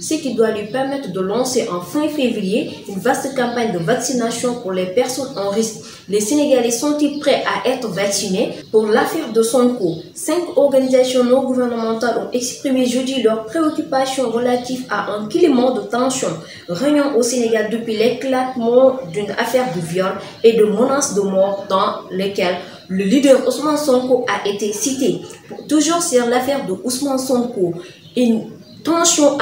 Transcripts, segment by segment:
ce qui doit lui permettre de lancer en fin février une vaste campagne de vaccination pour les personnes en risque. Les Sénégalais sont prêts à être vaccinés Pour l'affaire de Sonko, cinq organisations non gouvernementales ont exprimé jeudi leurs préoccupations relatives à un climat de tension régnant au Sénégal depuis l'éclatement d'une affaire de viol et de menaces de mort dans lesquelles le leader Ousmane Sonko a été cité. Toujours sur l'affaire Penchon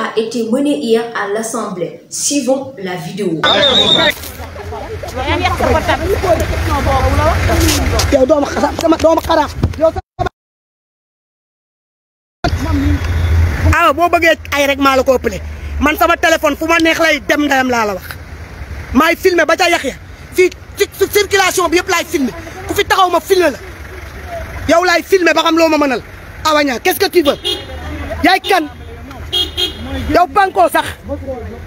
a boo bëggee ay rek maa la ko ëppale man sama téléphone fu ma neex lay dem ndeyam laa la wax maay filmé ba ca yax fii ci circulation bi yëpp laay filmé ku fi taxaw ma filmé la yow laay filmé ba xam loo ma mënal awaña qu'est-ce que tu kan yow pankoo sax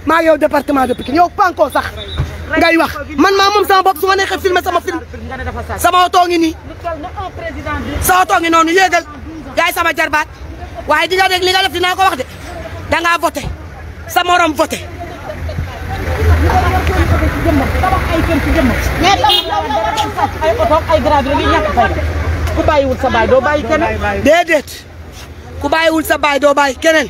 maa yow département de Pikine yow pankoo sax ngay wax man maa moom sama bopp su ma neexee filmé sama film sama oto ngi nii sa oto ngi noonu yéegal yaay sama jarbaat waaye di nga dégg li nga dinaa ko wax de dangaa sama sa morom voté ku bàyyiwul sa baay doo bàyyi sa baay doo bàyyi keneen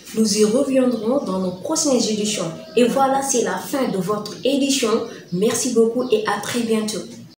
Nous y reviendrons dans nos prochaines éditions. Et voilà, c'est la fin de votre édition. Merci beaucoup et à très bientôt.